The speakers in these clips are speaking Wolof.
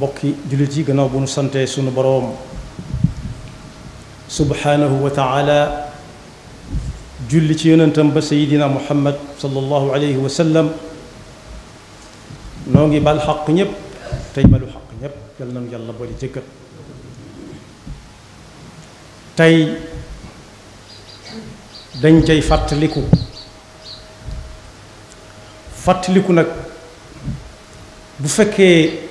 بوكي جلتي جناب سنتي سنبروم سبحانه وتعالى جلتي ننتم بسيدنا محمد صلى الله عليه وسلم نوغي بالحق نيب تيمالو حق نيب يلا يلا بولي تكر تاي دنجي فاتلكو فاتلكو نك بو فكي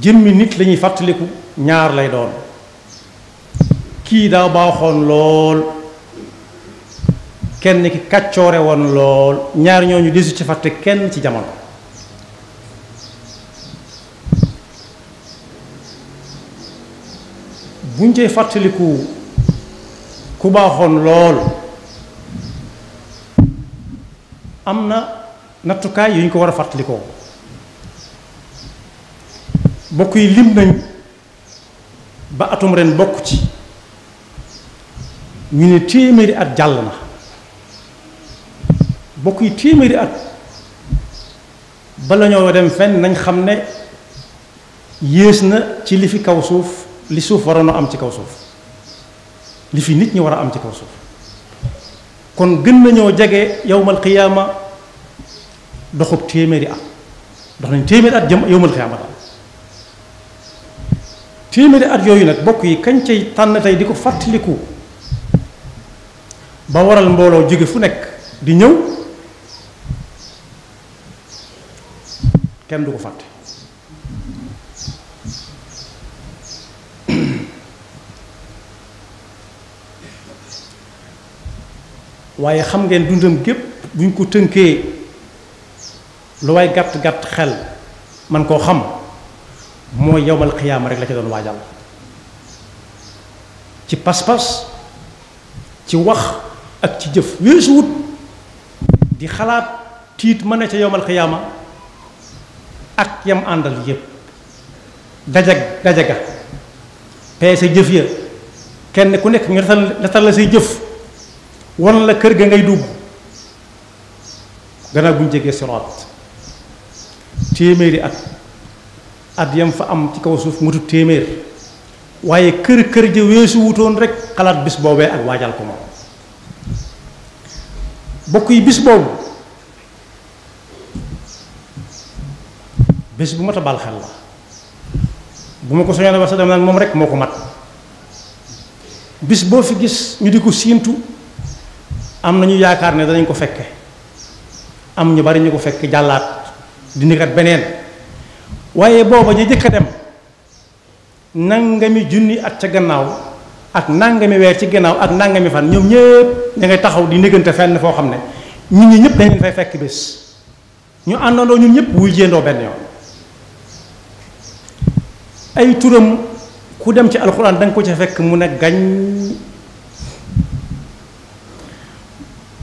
jëmmi nit lañuy fàttaliku ñaar lay doon kii daa baaxoon lool kenn ki kàccoore woon lool ñaar ñu desu ci fàtte kenn ci jamono buñ cay fàttaliku ku baaxoon lool am na nattukaay yu ñu ko war a fàttalikoo bokk yi lim nañu ba atum ren bokk ci ñu ne téeméeri at jàll na bokk yi téeméeri at bala ñoo dem fenn nañ xam ne yées na ci li fi kaw suuf li suuf waroon a am ci kaw suuf li fi nit ñi war a am ci kaw suuf kon gën nañoo jege yowmal xiyaama doxub téeméeri at dox nañ téeméeri at jëm yowmal xiyaama daal téeméeri at yooyu nag bokk yi kañ cay tànn tey di ko fàttaliku ba waral mbooloo jóge fu nekk di ñëw kenn du ko fàtte waaye xam ngeen dundam gépp buñ ko tënkee lu waay gàtt gàtt xel man koo xam mooy yowmal xiyaama rek la ca doon waajal ci pas-pas ci wax ak ci jëf weesu wut di xalaat tiit mën na ca yowmal xiyaama ak yam àndal yépp dajag dajaga peese jëf ya kenn ku nekk ñu natal natal la say jëf wan la kër ga ngay dugg gannaaw bu ñu jegee siraat téeméeri at at yam fa am ci kaw suuf mutu téeméer waaye kër kër ja weesu wutoon rek xalaat bis boobee ak waajal ko moom bokk yi bis boobu bés bu mat a baal xel la bu ma ko soñoon wax sa dem nag moom rek moo ko mat bis boo fi gis ñu di ko siintu am na ñu yaakaar ne danañ ko fekke am ñu bari ñu ko fekk jàllaat di nekkat beneen waye booba ñu jëkk a dem nangami junni at ca gannaaw ak nangami weer ci gannaaw ak nangami fan ñom ñepp da ngay taxaw di négante fenn fo xamne ne ñi ñepp dañ fay fekk bes ñu andono ñun ñepp wuy jéendoo ben yoon ay turam ku dem ci alxuraan dang ko ci fekk mu ne gañ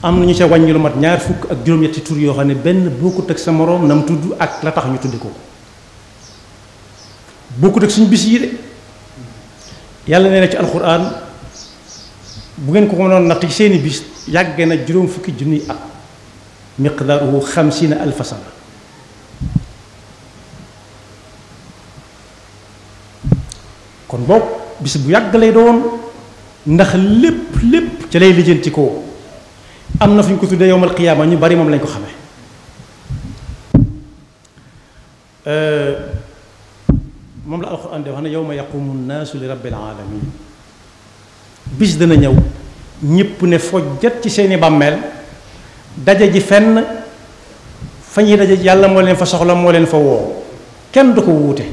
am ñu ci wàññi lu mat ñaar fukk ak juroom yetti tur yo xamne ben boku tek sa morom nam tuddu ak la tax ñu tuddiko ko bokkut ak suñu bis yi de yàlla neena ci alquran bu ngeen ko ko non nat ci seeni bis yagge na juróom fukki junniy at miqdaruhu 50 alf sana kon bok bis bu yàgg lay doon ndax lépp lépp ci lay lijeenti ko amna fuñ ko tudde yowmal qiyamah ñu bari mom lañ ko xamee mom la alquran di wax yawma yaqumu an-nasu li rabbil alamin bis dana ñëw ñëpp ne fo jot ci seeni bammel daje ji fenn fañi ñuy daje yàlla mo leen fa soxla mo leen fa wo kenn du ko wuté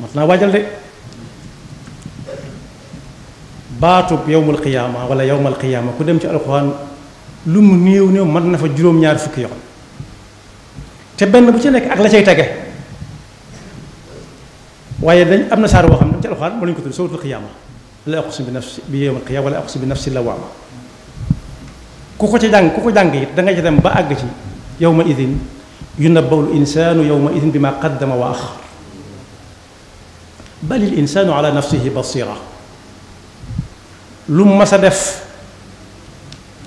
matna wajal de baatub yawmul qiyamah wala yawmul qiyamah ku dem ci alquran lu mu néew néew mën na fa juróom-ñaar fukki yoon te benn bu ci nekk ak la cay tege waaye dañ am na saar boo xam ne ci alxuraan mo lañ ko tudd suratul xiyaama la aqsim bi nafsi bi yawmal xiyaama wala aqsim bi nafsi lawaama ku ko ci jàng ku ko jàng it da nga ci dem ba àgg ci yawma idin yunabawul insaanu yawma idin bi ma qaddama wa axar balil insaanu ala nafsihi basira lu mu mas a def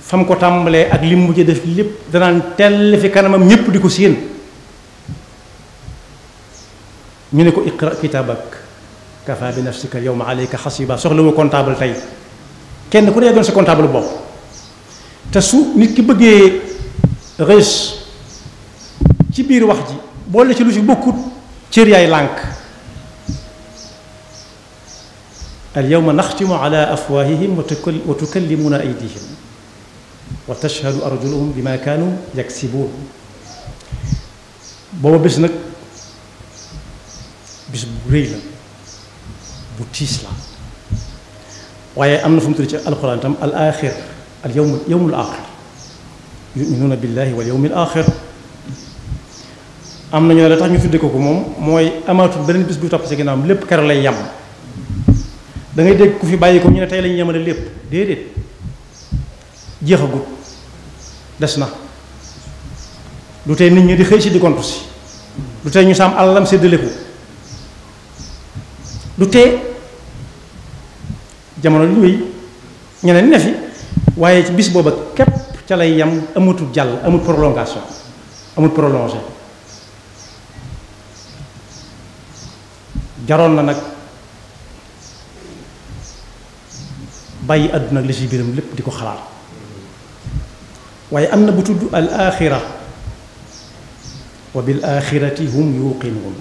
fam ko tàmbalee ak li mu mujj def lépp danaan tell fi kanamam ñëpp di ko séen ñu ne ko iqra kitabak kafa bi nafsika yawma alayka hasiba soxla wu comptable tay kenn ku ne doon sa comptable bop te su nit ki bëggee reus ci biir wax ji bo le ci lu ci bokkut ci riyay lànk al yawma اليوم نختم على أفواههم وتكلمنا أيديهم وتشهد أرجلهم بما كانوا يكسبون بابا بس réy bu tiis la waaye am na fu mu tudd ci alquran tam al axir al yawm yawmul axir yuminuuna billahi wal yawmil axir am nañu ne la tax ñu tudde ko ko moom mooy amaatul beneen bis bu topp ci ginnaawam lépp kere lay yam da ngay dégg ku fi bàyyi ko ñu ne tey lañu yemale lépp déedéet jeexagut des na lu tey nit ñi di xëy si di kontu si lu tey ñu saam alalam séddale ko du tee jamono du wéy ñeneen ne fi waaye ci bis booba képp ca lay yam amatul jàll amul prolongation amul prolongé jaroon na nag bàyyi àdduna ak li ci biiram lépp di ko xalaat waaye am na bu tudd al axira wa bil axirati hum yuqinuun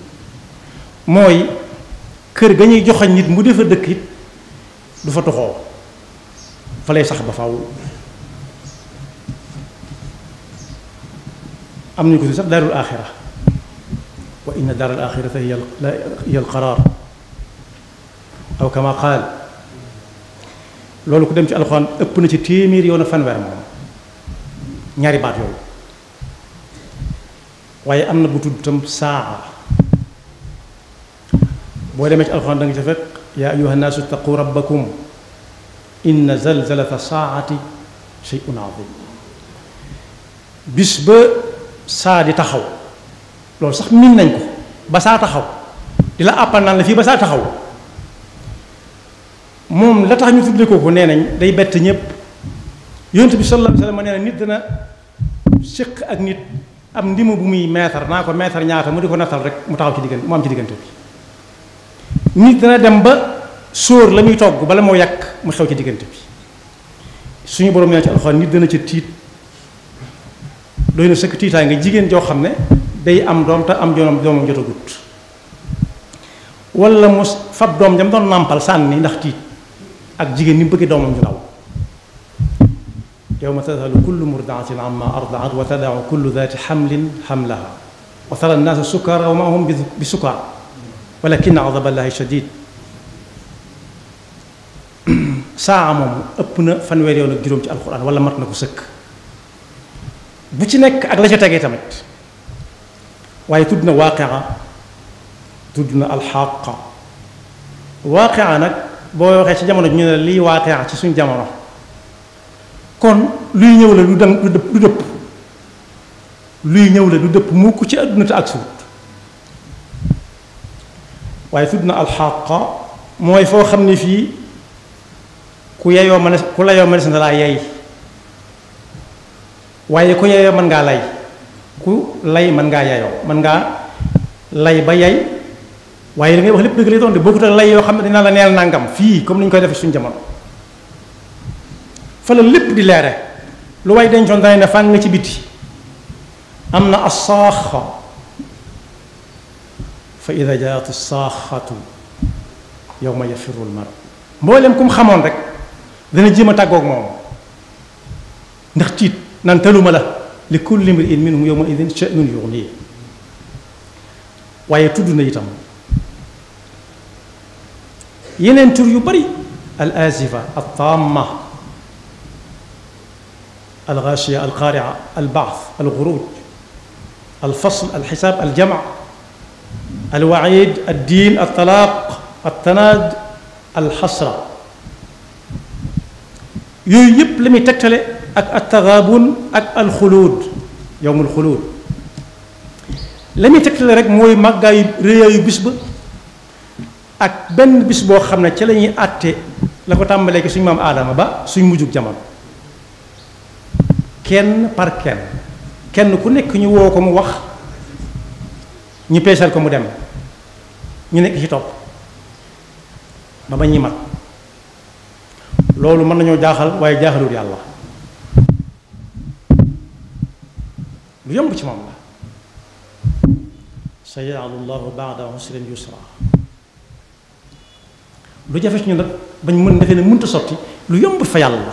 mooy kër ga ñuy joxañ nit mu defa dëkk it du fa toxoo fa lay sax ba faw am nañu ko si sax daarul aaxira wa inna daaral aaxirata hiya al qaraar aw kama qaal loolu ku dem ci alxuraan ëpp na ci téeméer yoon a fanweer moom ñaari baat yooyu waaye am na bu tudd tam saa بولا مش الخوان دنجة فك يا أيها الناس اتقوا ربكم إن زلزلة الساعة شيء عظيم بسبة ساعة تخو لو صح من ننكو بساعة تخو إلا أبنا نفي بساعة تخو موم لا تخني في بلكو كونين داي بيت نيب يونت بي صلى الله نيت دنا شيك ام نيمو بومي ميتر ناكو ميتر نياتا مو ديكو ناتال رك مو تاخو سي nit dana dem ba sóor la muy togg bala moo yàq mu xew ci diggante bi suñu borom nee ci alxuraan nit dana ca tiit doy na sëkk tiitaay nga jigéen joo xam ne day am doom te am joom doomam jotagut wala mu fab doom jam doon nàmpal sànni ndax tiit ak jigéen ni mu bëggee doomam ju ndaw yawma tadhalu kullu murdaatin amma ardaat wa tadaau kullu daati xamlin xamlaha wa tara annaasa sukara wa ma hum bi ولكن عذاب الله شديد ساعة موم أبنا فنوري أولا جيروم في القرآن ولا مرنا كسك بوتينك أغلى شيء تجي تمت ويتودنا واقعة تودنا الحق واقعة نك بوي وخي سجامة نجنة لي واقعة تسوين جامعة كون لي نيولا لدب لدب لي نيولا لدب موكو تأدنا تأكسو waaye tudd na alxaqa mooy foo xam ne fii ku yeyoo mën ku layoo mënees na laa yey waaye ku yeyoo mën ngaa lay ku lay mën ngaa yeyoo mën ngaa lay ba yey waaye li ngay wax lépp dëgg lay doon de bokkut ak lay yoo xam ne dina la neel nangam fii comme niñ koy defee suñu jamono fa la lépp di leere lu way dencoon dana ne fàng nga ci biti am na asaaxa فاذا جاءت الصاخه يوم يفر المرء مولم كوم خامون رك دا نجيما تاغوك موم نختيت نانتلوما لا لكل امرئ منهم يوم اذن شان يغني واي تودنا يتام يينن تور يو بري الازفه الطامه الغاشيه القارعه البعث الغروج الفصل الحساب الجمع الوعيد الدين الطلاق التناد الحسرة يجب لمي تكتلي أك التغابن أك الخلود يوم الخلود لمي تكتلي رك موي مقا ريا يبسب أك بن بسبو خمنا تلني أتي لكو تعمليك سوى مام آدم با سوى موجود جمال كن بار كن كن كن كن يوو كم وقت ñi peesal ko mu dem ñu nek ci top ba ba ñi mat lolu mën nañu jaaxal waaye jaaxalul yalla lu yomb ci mom la sa yajcalu bada usrin yusra lu jafe ci ñu nak bañ mën defé na muntu soti lu yomb fa yalla la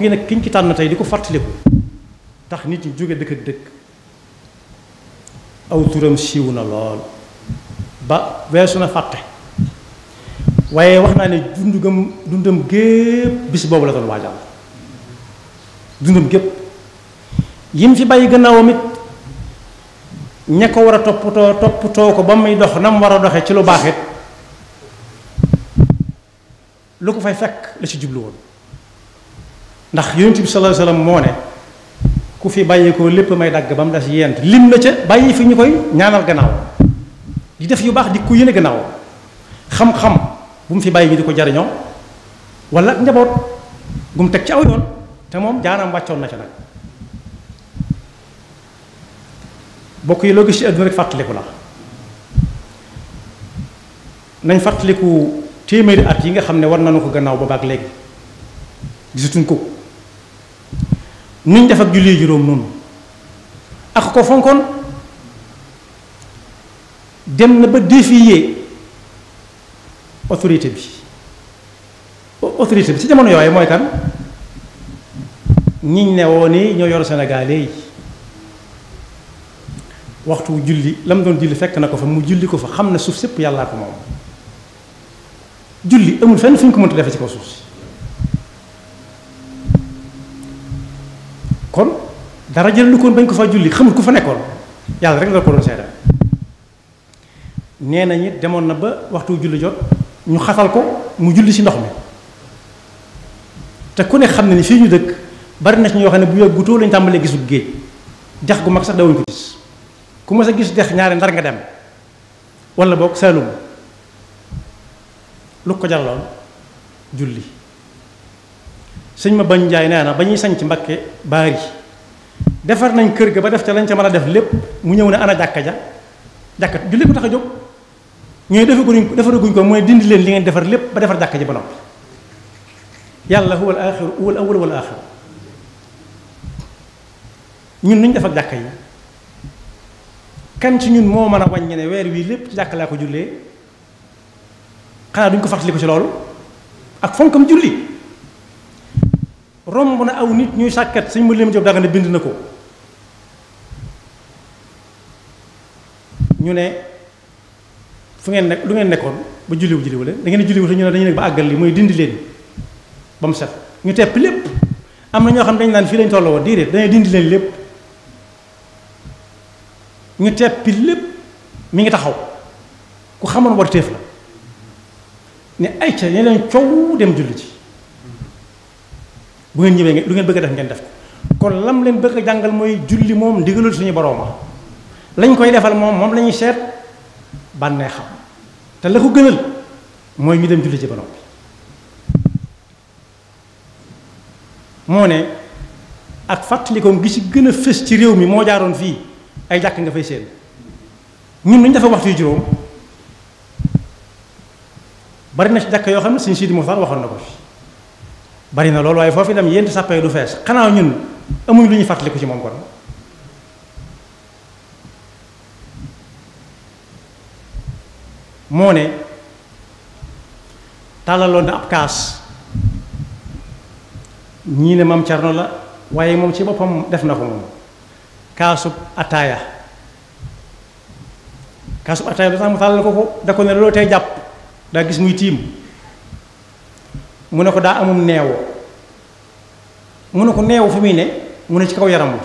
yi kiñ ci tànn tey di ko tax nit ñi joggé dekk ak aw turam siwu na lool ba weesu na fàtte waaye wax naa ne dundugam dundam gépp bis boobu la doon waajal dundam gépp yim fi bàyyi gannaawam it ña ko war a toppatoo toppatoo ko ba muy dox na mu war a doxe ci lu baax it lu ko fay fekk la ci jublu woon ndax yonent bi sallallahu alayhi moo ne ku fi bàyyeekoo lépp may dagg ba mu des yent lim na ca bàyyi fi ñu koy ñaanal gannaaw di def yu baax di ku yéene gannaaw xam-xam bu mu fi bàyyi ñu di ko jariñoo wala njaboot gu mu teg ci awyoon te moom jaaraam wàccoon na ca nag bokk yi loo gis ci àdduna rek fàttaliku la nañ fàttaliku téeméeri at yi nga xam ne war nañu ko gannaaw boobaak léegi gisatuñ ko. nuñ def ak julli juróom noonu ak ko fonkoon dem na ba défier autorité bi autorité bi ci jamono yooyu mooy kan ñiñ ne woon ni ñoo yor Sénégal yi waxtu julli la mu doon julli fekk na ko fa mu julli ko fa xam na suuf sépp yàllaa ko moom julli amul fenn fu ñu ko mënta defe ci kaw suuf si kon dara jël lu koon bañ ko fa julli xamul ku fa nekkoon yàlla rek la ko doon seeda nee nañu demoon na ba waxtu julli jot ñu xatal ko mu julli ci ndox mi te ku ne xam ne ni fii ñu dëkk bari na ci ñoo xam ne bu yàggutoo lañ tàmbalee gisul géej dex gu mag sax dawuñ ko gis ku ma sa gis dex ñaari ndar nga dem wala boog Saalum lu ko jaraloon julli sëñ ma bañ njaay nee na ba ñuy sañ ci mbakke baari defar nañ kër ga ba def ca lañ ca man a def lépp mu ñëw ne ana jàkka ja jàkka ju lépp tax a jóg ñooy defaguñ defaraguñ ko mooy dindi leen li ngeen defar lépp ba defar jàkka ji ba noppi yàlla huwal aaxiru huwal awwal wal aaxiru ñun nuñ def ak jàkka yi kan ci ñun moo mën a wàññi ne weer wii lépp ci laa ko jullee xanaa duñ ko fàttaliku ci loolu ak fonkam julli romb na aw nit ñuy sàkkat sëñ mu lim Jóob Dagana bind na ko ñu ne fu ngeen nekk lu ngeen nekkoon ba julliwu julliwu leen da ngeen julliwu te ñu ne dañu nekk ba àggal li mooy dindi leen ba mu set ñu tepp lépp am na ñoo xam dañ naan fii lañ tolloo woon déedéet dañuy dindi leen lépp ñu teppi lépp mi ngi taxaw ku xamoon war téef la ne ay ca ñeneen coow dem julli ci bu ngeen ñëwee lu ngeen bëgg a def ngeen def ko kon lam leen bëgg a jàngal mooy julli moom ndigalul suñu borooma lañ koy defal moom moom lañuy seet bànnee te la ko gënal mooy ñu dem julli ci ba noppi moo ne ak fàttalikoom gi ci gën a fës ci réew mi moo jaaroon fii ay jàkk nga fay seen ñun lu dafa waxtu juróom bari na ci jàkk yoo xam ne suñ Sidi Moxtaar waxoon na ko fi bari na loolu waaye foofu itam yént sàppee du fees xanaa ñun amuñ lu ñuy fàttaliku ci moom kon moo ne tàllaloon na ab kaas ñii ne maam Cerno la waaye moom ci boppam def na ko moom kaasub ataaya kaasub ataaya lu tax mu tàllal ko ko da ko ne loolu tey jàpp daa gis muy tiim mu ne ko daa amum neewu mu ne ko neewu fu muy ne mu ne ci kaw yaram wi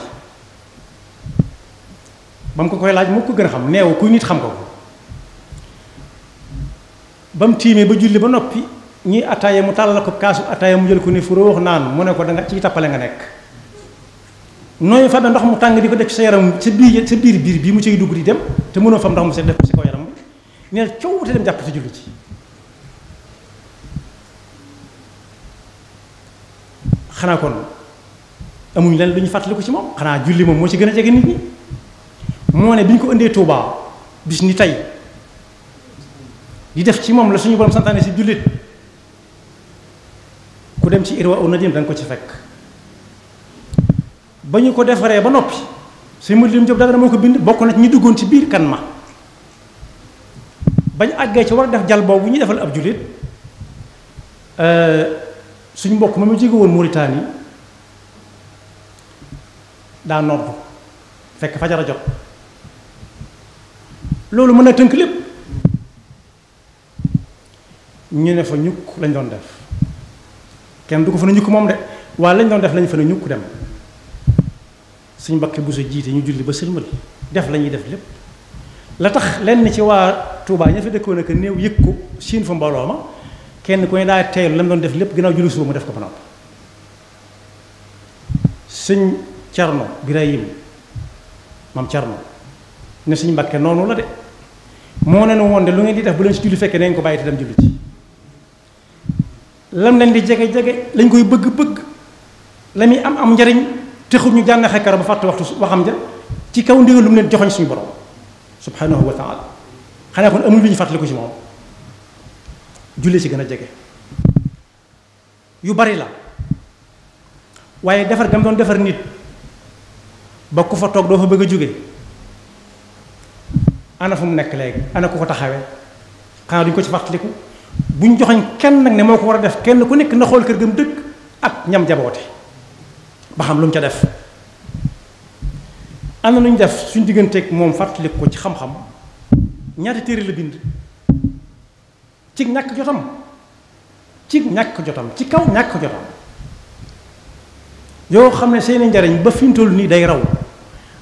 ba mu ko koy laaj moo ko gën a xam neewu kuy nit xam ko ba mu tiimee ba julli ba noppi ñi attaaye mu tàllal ko kaasu mu jël ko ni fu roox naan mu ne ko danga ci tappale nga nekk fa fabe ndox mu tàng di ko def ci sa yaram sa biir sa biir biir bii mu ciy dugg di dem te mënoo fa ndox mu se def ci kaw yaram bi te dem jàpp ci julli ci xanaa kon amuñ lan lu ñu fàttaliku ci moom xanaa julli moom moo ci gën a jege nit ñi moo ne bi ñu ko indee Touba bis ni tey di def ci moom la suñu borom santaane si jullit ku dem ci Irwa Nadim da nga ko ci fekk ba ñu ko defaree ba noppi suñu mujj lim Jóob Dagana moo ko bind bokk na ñu duggoon ci biir kan ma bañ àggee ci war a def jal boobu ñu defal ab jullit euh, suñ mbokk ma mu jóge woon Mauritanie daa nodd fekk fajara jot loolu mën a tënk lépp ñu ne fa ñukk lañ doon def kenn du ko fa ne ñukk moom de waaye lañ doon def lañ fa ne ñukk dem suñ mbakke bu sa jiite ñu julli ba sëlmal def la ñuy def lépp la tax lenn ci waa Touba ña fa dëkkoon ak néew yëg ko siin fa mbooloo ma kenn ku ne daa teelu la doon def lépp gën ginnaaw julli suba mu def ko ba noppi sëñ Cerno Birahim maam Cerno ne sëñ Mbàkke noonu la de moo ne woon de lu ngeen di def bu leen si julli fekkee nañ ko bàyyi te dem julli ci lam leen di jege jege lañ koy bëgg bëgg la muy am am njariñ texut ñu jànn xekkara ba fàtte waxtu waxam ja ci kaw ndigal lu mu leen joxoñ suñu borom subhanahu wa taala kon amul lu ñu fàttaliku ci moom julli ci gën a jege yu bari la waaye defar gam doon defar nit ba ku fa toog doo fa bëgg a jóge ana fu mu nekk léegi ana ku ko taxawee xanaa duñ ko ci fàttaliku buñ joxoñ kenn nag ne moo ko war a def kenn ku nekk na xool kër gam dëkk ak ñam jaboote ba xam lu mu ca def am na lu ñu def suñ digganteeg moom fàttaliku ko ci xam-xam ñaata téere la bind ci ñàkk jotam ci ñàkk jotam ci kaw ñàkk jotam yoo xam ne seeni njariñ ba fi toll nii day raw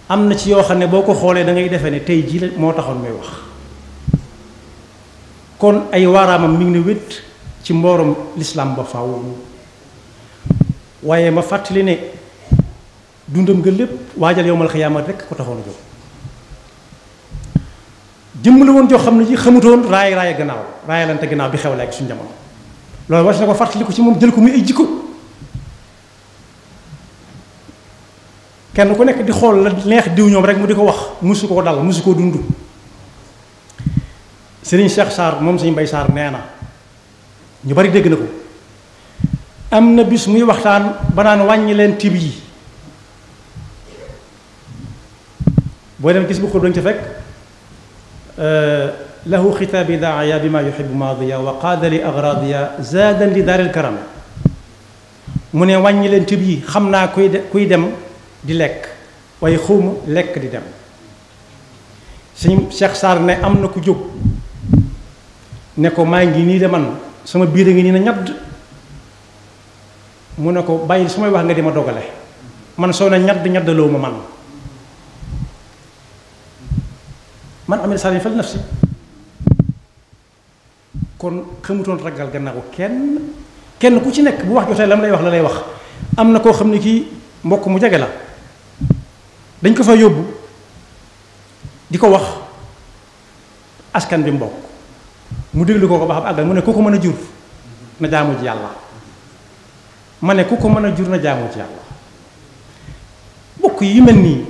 am na ci yoo xam ne boo ko xoolee dangay ngay defee ne tey jii la moo taxoon may wax kon ay waaraamam mi ngi ne wét ci mbooroom lislaam ba faaw waaye ma fàttali ne dundam nga lépp waajal yowmal xiyaamat rekk ko taxoon a jóg jëmm la woon joo xam ne ji xamutoon raay raay gannaaw raayalante gannaaw bi xew léegi suñu jamono loolu war na ko fàttali ko ci moom jël ko muy ay jikko kenn ku nekk di xool la neex diw ñoom rek mu di ko wax musu koo dal musu koo dund Serigne Cheikh Sarr moom Serigne Mbaye Sarr nee na ñu bari dégg na ko am na bis muy waxtaan ba wàññi leen tib yi boo dem gis bu ko dañ ca fekk له خطاب داعيا بما يحب ماضيا وقاد لاغراضيا زادا لدار الكرم من واني لن تبي خمنا كوي دم دي لك ويخوم لك دي دم شيخ سار ني امنا كو جوب نكو ماغي ني دي مان سما بير ني نا نياد مونكو باي سما واخ نغا ديما دوغالي مان سونا نياد نياد لوما مان man amee saa fal naf si kon xamutoon ragal gannaaw kenn kenn ku ci nekk bu wax jotee lam lay wax la lay wax am na koo xam ne kii mbokk mu jege la dañ ko fa yóbbu di ko wax askan bi mbokk mu déglu ko ko ba xam àggal mu ne ku ko mën a jur na jaamu ci yàlla ma ne ku ko mën a jur na jaamu ci yàlla mbokk yi mel nii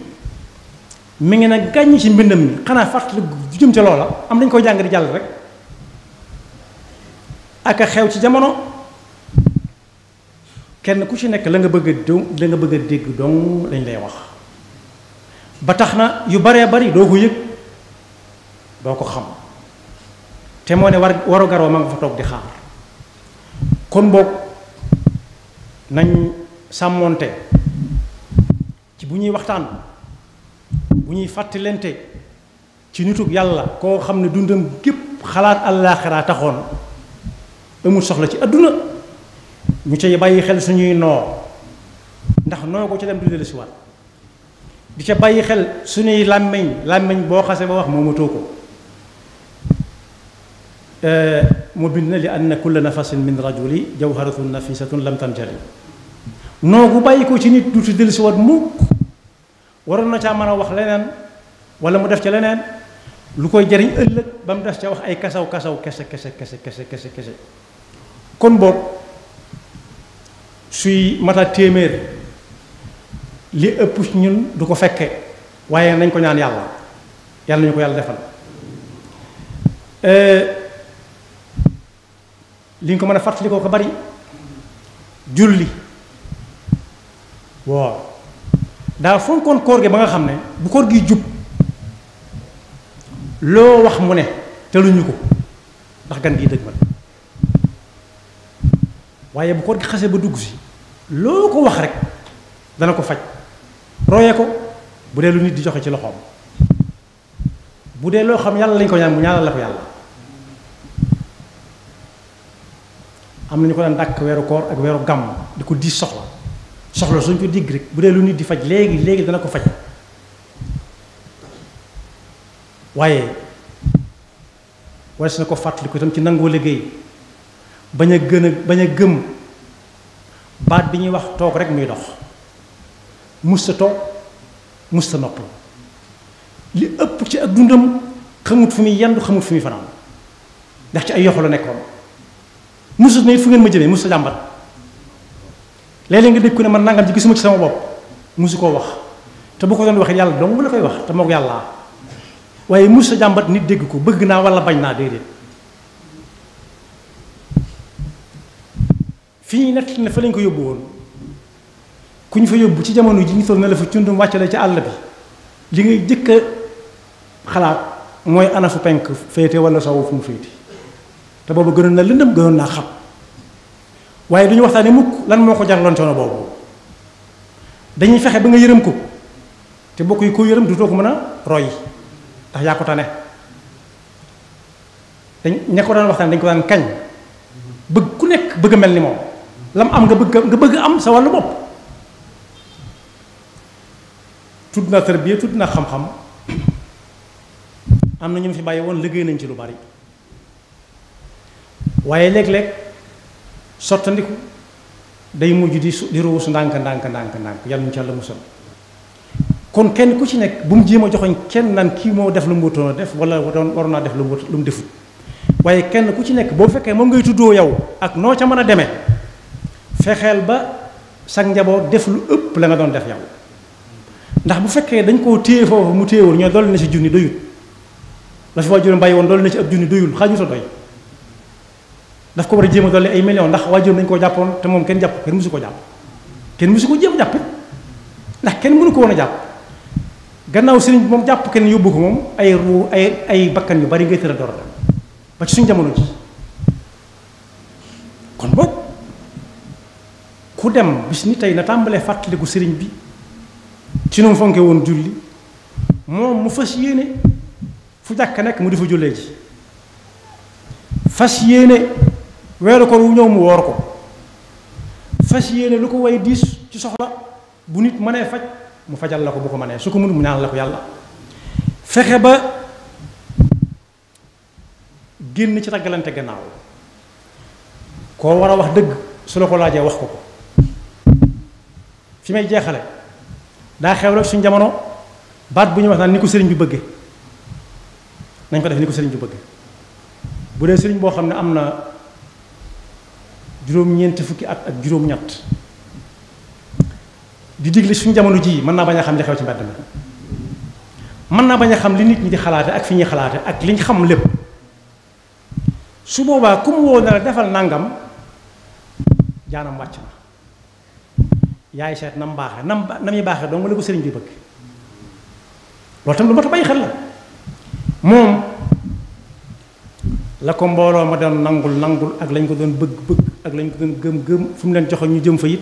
mi ngi nag gàññ ci mbindam mi xanaa fàttali jëm ca loola am dañ koy jàng di jàll rek ak a xew ci jamono kenn ku ci nekk la nga bëgg a do la nga bëgg dégg dong lañ lay wax ba tax na yu baree bari doo ko yëg doo ko xam te moo ne war waru ma nga fa toog di xaar kon boog nañ sàmmoonte ci bu ñuy waxtaan buñuy ñuy fàttalante ci nituk yàlla ko xamne dundum gep gépp al àllaaxiraa taxone amu soxla ci aduna ñu ci bàyyi xel suñuy no ndax no ko ci dem ci wat di ci bàyyi xel suñuy làmmiñ làmmiñ bo xasse ba wax moomatoo ko mu mo na li anna kull nafasin min rajuli jawharatun nafisatun lam tanjali noo gu bàyyi ci nit du wat mukk waroon na caa mën a wax leneen wala mu def ca leneen lu koy jariñ ëllëg ba mu des ca wax ay kasaw kasaw kese kese kese kese kese kese kon boog suy mata téeméer li ëpp ñun du ko fekke waaye nañ ko ñaan yàlla yàlla nañu ko yàlla defal euh, li ko mën a fàttali ko bari julli waaw daa kon koor ge ba nga xamne bu koor gi jup lo wax mu ne te luñu ko ndax gan gi dëgg ma bu koor gi xasse ba dugg ci lo ko wax rek dana ko fajj royé ko bu de lu nit di joxe ci loxom bu de lo xam yalla lañ ko ñaan mu ñaanal la ko yalla am nañu ko dan dak wéru koor ak gam diko di soxla soxla suñ ko digg rek bu dee lu nit di faj léegi léegi dana ko faj waaye wares na ko fàttaliku itam ci nangoo liggéey bañ a gën a bañ a gëm baat bi ñuy wax toog rek muy dox musta toog musta nopp li ëpp ci ak dundam xamut fu muy yendu xamut fu muy fanaan ndax ci ay yoxu la nekkoon musta ne fu ngeen ma jëmee musta jàmbat lele nga dekk ne man nangam ci gisuma ci sama bop musu koo wax te bu ko don wax yalla dong la koy wax te mok yalla waye musa jambat nit degg ko beug na wala bañ na déedéet fi ne fa lañ ko yobbu won kuñ fa yobbu ci jamono ji ñu tol na la fa cundum la ci bi li ngay jëk xalaat moy ana fu penk fete wala sawu fu mu te bobu na lëndëm gënoon na xam waaye du ñu waxtaanee mukk lan moo ko jaraloon coono boobu dañuy fexe ba nga yërëm ko te bokk yi koo yërëm du too ko mën a roy ndax yaa ko tane dañ ña ko daan waxtaan dañ ko daan kañ bëgg ku nekk bëgg a mel ni moom lam am nga bëgg nga bëgg am sa wàllu bopp tudd naa tarbiya tudd naa xam-xam am na ñu fi bàyyi woon liggéey nañ ci lu bari waaye léeg-léeg sottandiku day mujj di su di ruus ndànk ndànk ndànk ndànk yàlla ñu ci yàlla musal kon kenn ku ci nekk bu mu jéem a joxoñ kenn nan kii moo def lu mu wutoon def wala doon waroon naa def lu mu lu mu defut waaye kenn ku ci nekk boo fekkee moom ngay tuddoo yow ak noo ca mën a demee fexeel ba sag njaboot def lu ëpp la nga doon def yow ndax bu fekkee dañ koo téye foofu mu téye téyewul ñoo dolli na ci junni doyul la fi waajuram bàyyi woon dolli na ci ab junni doy daf ko war a jéem a dolli ay millions ndax wajur nañ ko jàppoon te moom kenn jàpp kenn musu ko jàpp kenn musu ko jéem jàpp ndax kenn mënu ko woon a jàpp gannaaw sëriñ moom jàpp kenn yóbbu ko moom ay ru ay ay bakkan yu bari ngay tëral doro ba ci suñ jamono ji kon boog ku dem bis ni tey na tàmbalee fàttaliku sëriñ bi ci nu mu fonke woon julli moom mu fas yéene fu jàkk nekk mu di fa jullee ji fas yéene weeru koor wu ñëw mu woor ko fas yéene lu ko way diis ci soxla bu nit mënee faj mu fajal la ko bu ko mënee su ko mënul mu ñaan la ko yàlla fexe ba génn ci raggalante gannaaw ko war a wax dëgg su la ko laajee wax ko ko fi may jeexale daa xew rek suñ jamono baat bu ñuy wax naan ni ko sëriñ bi bëggee nañ ko def ni ko sëriñ bi bëggee bu dee sëriñ boo xam ne am na juróom-ñeenti fukki at ak juróom-ñett di digle suñ jamono jii mën naa bañ a xam li xew ci mbedd mi mën naa bañ a xam li nit ñi di xalaate ak fi ñuy xalaate ak liñ xam lépp su boobaa ku mu woo na la defal nangam jaanam wàcc na yaay seet nam baaxe nam na muy baaxee dong la ko sëriñ bi bëgg loolu tam lu ma ta bàyyi xel la moom la ko mbooloo ma doon nangul nangul ak lañ ko doon bëgg bëgg ak lañ gëm gëm gëm fu mu leen joxoon ñu jëm fa it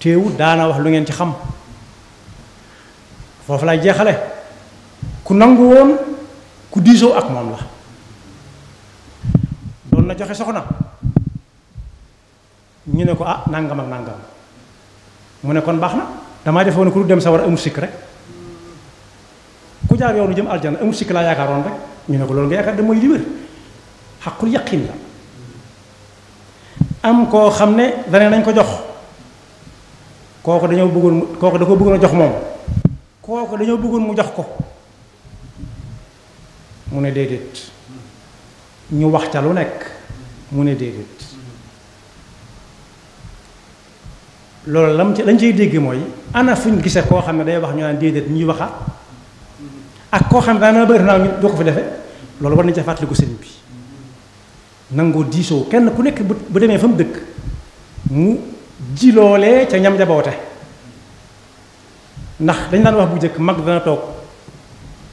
teewul daana wax lu ngeen ci xam foofu lay jeexale ku nangu woon ku diisoo ak moom la doon na joxe soxna ñu ne ko ah nangam ak nangam mu ne kon baax na damaa defoon ku dem sawar amul sikk rek ku jaar yoonu jëm aljana amul sikk laa yaakaaroon rek ñu ne ko loolu nga yaakaar da mooy li xaqul yaqin la am koo xam ne dane nañ ko jox kooku dañoo bëggoon mu kooku da ko bëggoon a jox moom kooku dañoo bëggoon mu jox ko mu ne déedéet ñu wax ca lu nekk mu ne déedéet loolu lam ci lañ ciy dégg mooy ana fuñ gisee koo xam ne day wax ñu naan déedéet ñuy waxaat ak koo xam ne daanaka bëgg naa ñu doo ko fi defe loolu war nañ ca fàttaliku sëñ bi nangoo diisoo kenn ku nekk bu demee fa mu dëkk mu ji ca ñam jaboote ndax dañ daan wax bu njëkk mag dana toog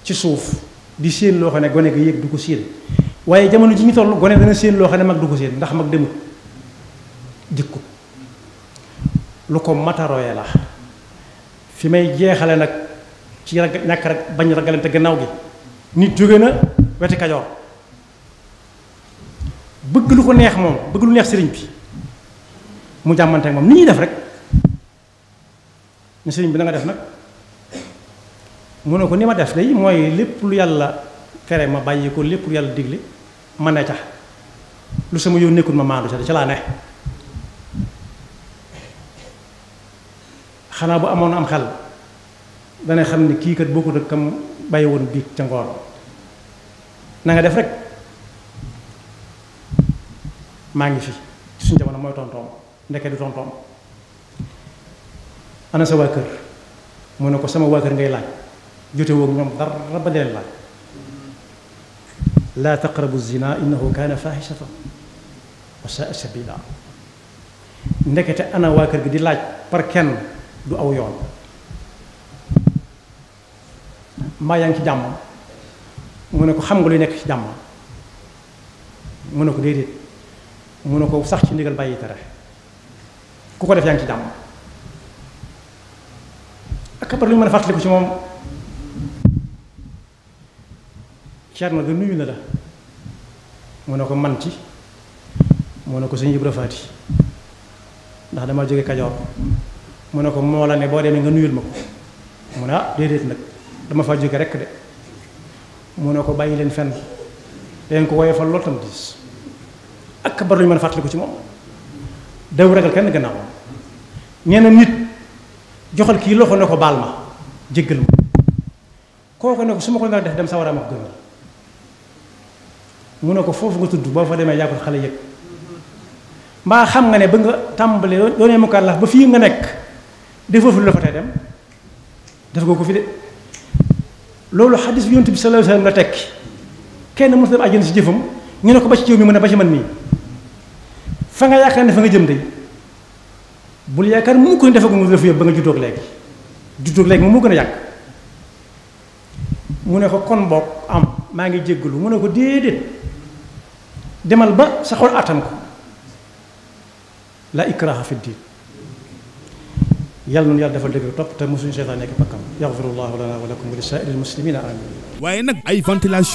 ci suuf di séen loo xam ne gone gi yéeg du ko séen waaye jamono ji ñu toll gone dana séen loo xam ne mag du ko séen ndax mag demut dikku lu ko mataroye la fi may jeexale nag ci rag ñàkk rek bañ ragalante gannaaw gi nit jóge na weti kajoor bëgg lu ko neex moom bëgg lu neex sëriñ bi mu jàmmante ak moom ni ñuy def rek ne sëriñ bi nga def nag mu ne ko ni ma def day mooy lépp lu yàlla tere ma bàyyi ko lépp lu yàlla digle ma ne tax lu sama yow nekkul ma maandu ca ca laa ne xanaa bu amoon am xel dana xam ne kii kat bokkut ak kam bàyyi woon biig ca ngoor na nga def rek maa ngi fi ci suñu jamono mooy tontoom ndeke du tontoom ana sa waa kër mu ne ko sama waa kër ngay laaj jote woog ñoom dara ba leen laaj laa taqrabu zina innahu kaana faaxisatan wa saa sabila ndekete ana waa kër gi di laaj par kenn du aw yoon maa yaa ngi ci jàmm mu ne ko xam nga luy nekk ci jàmm mu ne ko déedéet mënu ko sax ci ndigal bàyyi tere ku ko def yaa ngi ci jàmm ak xabar lu ñu mën a fàttaliku ci moom Cerno ga nuyu na la mu ne ko man ci mu ne ko sëñ Ibra Faati ndax dama jóge Kajoor mu ne ko moo la ne boo demee nga nuyul ma ko mu ne ah, déedéet nag dama fa jóge rekk de mu ne ko bàyyi leen fenn leen ko woyofal lool tam diis ak bari lu ñu a fàttaliku ci moom daw ragal kenn gannaaw ñenn nit joxal kii loxo ne ko baal ma jéggal ma kooku ne ko su ma ko def dem sawara ma ko gënal ko foofu nga tudd boo demee yaa ko xale xam nga ne ba nga tàmbalee doonee mukallaf ba fii nga nekk defoo fi lu la fa dem def ko ko fi de loolu xadis bi yonent bi sallallahu alayhi wa sallam la tekki kenn mënut a dem àjjana si jëfam ñu ne ko ba ci jëw mi mën a ba ci man mii fa nga yaakaar ne fa nga jëm de bul yaakaar mu ko defee ko mu def yëpp ba nga juddoo léegi juddoo léegi moom moo gën a yàgg mu ne ko kon boog am maa ngi lu mu ne ko déedéet demal ba sa xol atam ko la ikraha fi diin yàlla noonu yàlla defal dëgg topp te mosuñu seetaan nekk bakkam yaxfirullahu lana wa lakum wa li saa'iril muslimina amin waaye nag